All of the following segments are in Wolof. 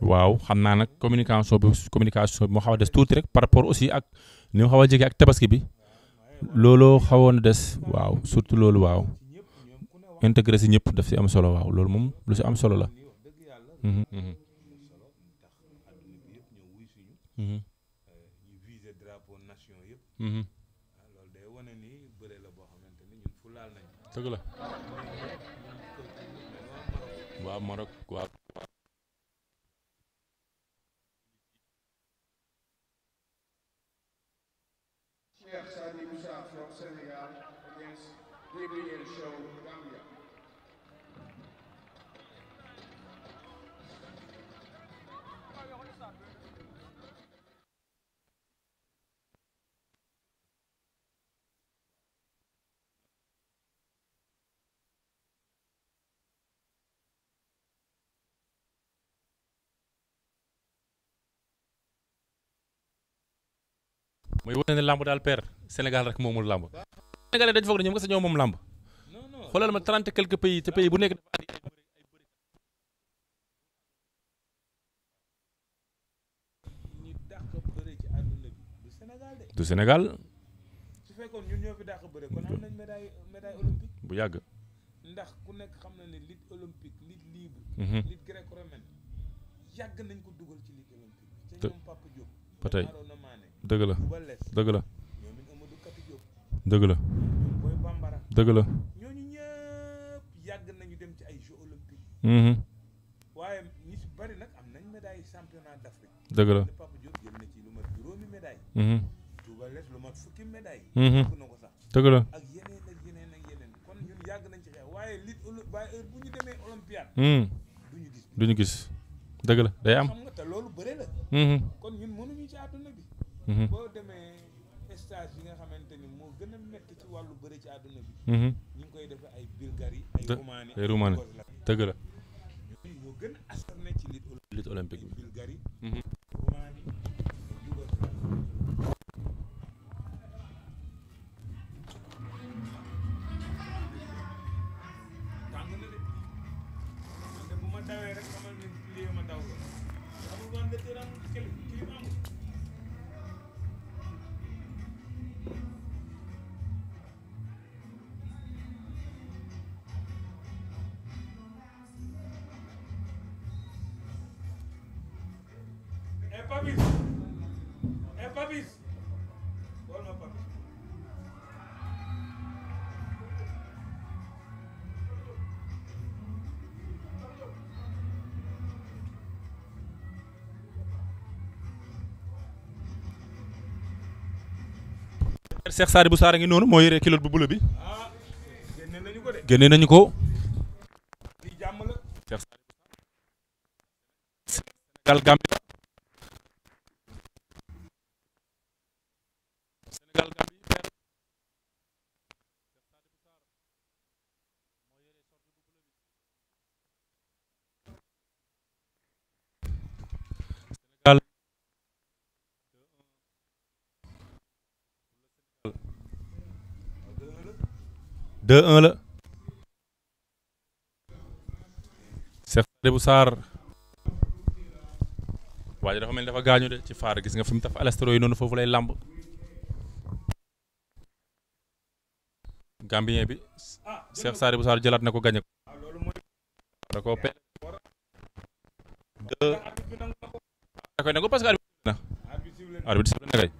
waaw xam naa nag communication bi communication bi moo xaw des tuuti rek par rapport aussi ak ni mu xaw a jege ak tabaski bi looloo xawoon des waaw surtout loolu waaw intégré si ñëpp daf si am solo waaw loolu moom lu si am solo la. Mhm, mhm. Mhm. dëgg la waaw Maroc waaw. Cheikh Sadibou Sakho from Senegal against Gabriel Show, Gambia. mooy wane ne làmb daal père Sénégal rek moomul làmb. Sénégalais dañu foog ne ñoom nga sa ñoom moom làmb. xoolal ma trente quelques pays te pays bu nekk. du Sénégal. bu yàgg. ndax ku nekk xam na ne lutte olympique lutte libre. Mhm. lutte yàgg nañ ko dugal ci lutte olympique. te ba tey dëgg la dëgg la dëgg la dëgg la. ñooñu ñëpp yàgg nañu dem ci ay jeux mm-hmm. waaye bari nag am nañ médaille championnat d'Afrique. dëgg la Papa Diop jël na ci lu mat juróomi médaille. Mm-hmm. Touba Les lu mat fukki médaille. fukk mm-hmm. na ko sax. dëgg ak yeneen ak yeneen kon ñun nañ ci waaye li waaye heure duñu mm. gis duñu dëgg la day am. Mhm. boo demee stage bi nga xamante ni moo gën a métti ci wàllu bëri ci àdduna bi. Mhm. ñu ngi koy defe ay Bulgarie ay Roumanie ay Roumanie dëgg la. ñoo gën a na ci lutte olympique bi Bulgarie. Mhm. papis e papis wol a ngi noonu moo yore kilote bu bula bi ah, génne nañu ko Sénégal Gambie deux un la Cheikh Sadibou Sarr waa ji mel ni dafa gaañu de ci faar gis nga fi mu taf alastero yi noonu foofu lay làmb Gambien bi Cheikh Sadibou Sarr jëlaat na ko gañe da ko pe deux da koy nangu parce que arbitre na na kay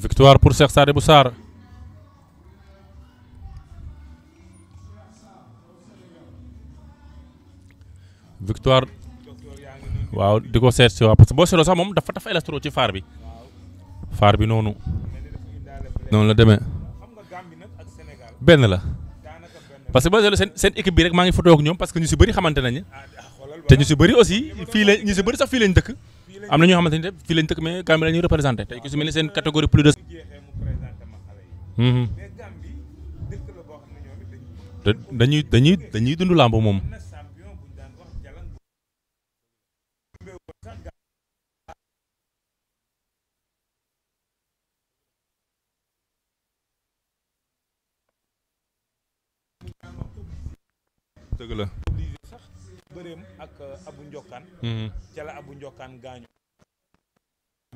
Victoire pour Cheikh Sadibou Sarr Victoire waaw di ko seet si waaw parce que boo seetloo sax moom dafa dafa élastro ci faar bi faar bi noonu noonu la demee benn la parce que boo seetloo seen seen équipe bi rek maa ngi foto ak ñoom parce ñu si bëri xamante nañu te ñu si bëri aussi fii la ñu si bëri sax fii lañ dëkk. am na ñoo xamante ni fii lañ tëkk mais Gambie la ñuy représenté tey ku si mel ni seen catégorie plus de. te mhm. dañuy dañuy dañuy dund làmb moom. dëgg la. bëreem ak euh, Abu Njokkaan mm-hmm. ca la Abu Njokkaan gaañu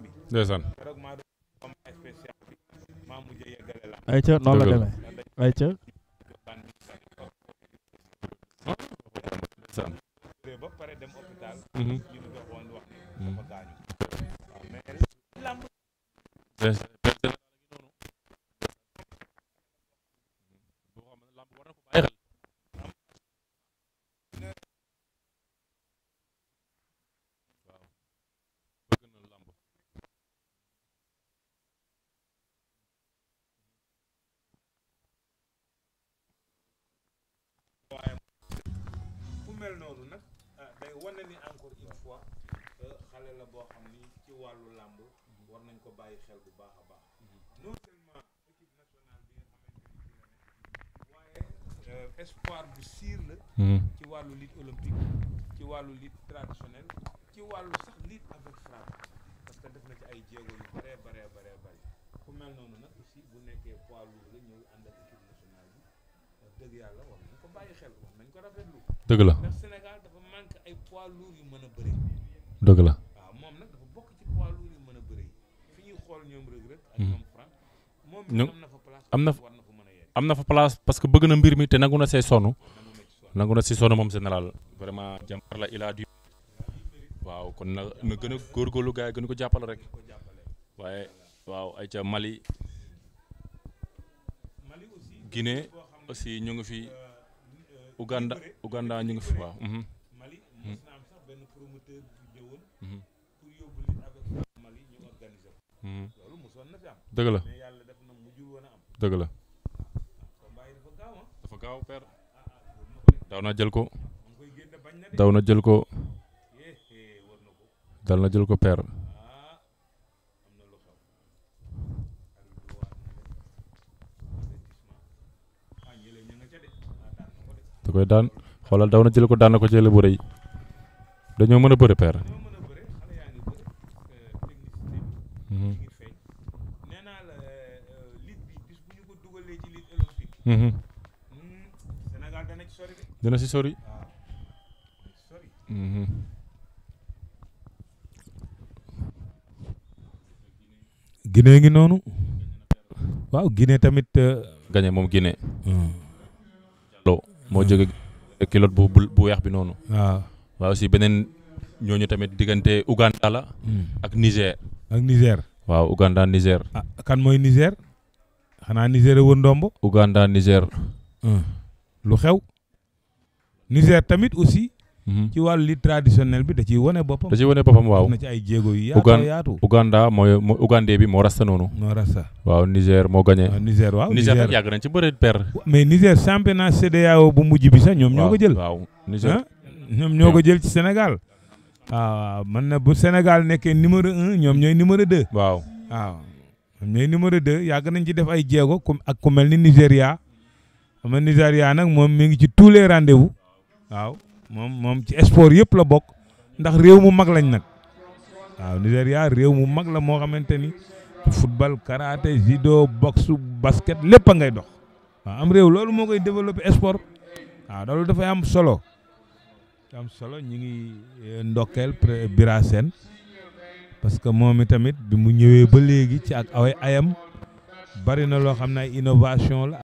bi ndeysaan rek maa doon combat spécial bi maa mujj yeggale la ay ba pare dem hôpital mm-hmm. mel noonu nag ah, day wane ni encore une fois xale la boo xam ni ci wàllu làmb war nañ ko bàyyi xel bu baax a baax non seulement équipe bi nga xamante ni ci la euh, hmm. ci wàllu lutte ci wàllu lutte traditionnelle ci wàllu sax lutte avec frappe parce que def na ci ay jéego yu bare bare bare bare ku mel noonu nag aussi bu nekkee poids lourd ñëw ànd ak équipe dëgg yàlla wax nañ ko ko rafetlu. la ndax Sénégal ay poids mën a bëri. dëgg la moom nag dafa bokk a bëri xool ñoom Reug Reug ak ñoom hmm. am na fa place am na am na fa place parce que bëgg na mbir mi te nangu na see sonn nangu na si sonn moom général vraiment jàmbaar la il a waaw kon na na gën a góorgóorlu gars yi gën ko jàppale rek waaye waaw ay ca Mali Guinée aussi ñu ngi fi Uganda Uganda ñu ngi fi waaw. Mhm. Mali mos mhm. mhm. na dëgg la yàlla def na mujjul woon a am. dëgg la. Ah. dafa gaaw père. Ah, ah, daw na jël eh, eh, ko. daw na jël ko. dal na jël ko père. da koy daan xoolal daw na jël ko daan na ko jël bu rëy dañoo mën a bëre père. dina mhm. euh, mhm. hmm, si sori. Ah, mhm. Guinée ngi noonu. waaw Guinée tamit. Euh, gañe moom Guinée. Hmm. moo jóge kilote bu bu weex bi noonu. waaw waaye aussi beneen ñooñu tamit diggante Ouganda la. Hmm. ak Niger. ak Niger. waaw Ouganda Niger. ah kan mooy Niger. xanaa Niger a wër ndombo. Ouganda Niger. Hmm. lu xew. Niger tamit aussi Mhm. ci wàllu li traditionnel bi da ciy wane boppam. da boppam waaw na ci ay jéego yu yaatu yaatu. Uganda mooy Ugandais bi moo rasta noonu. moo rasta waaw Niger moo gagné. Niger waaw Niger nag yàgg nañ ci bëre per. mais Niger championnat CEDEAO bu mujj bi sax ñoom ñoo ko jël. waaw Niger ah, ñoom ñoo ko jël ci Sénégal. Ah, man na bu Sénégal nekkee numéro un ñoom ñooy numéro deux. waaw waaw ah, numéro deux yàgg nañ ci def ay jéego ak ku mel ni Nigéria xam nga nag moom mi ngi ci tous les rendez-vous waaw. moom moom ci sport yëpp la bokk ndax réew mu mag lañ nag waaw Nigéria réew mu mag la moo xamante ni football karaté judo boxe basket lépp a ngay dox waaw am réew loolu moo koy développé sport waaw loolu dafay am solo am solo ñi ngi eh, ndokkeel Bira parce que moom itamit bi mu ñëwee ba léegi ci ak ay ayam bari na loo xam ne ay innovation la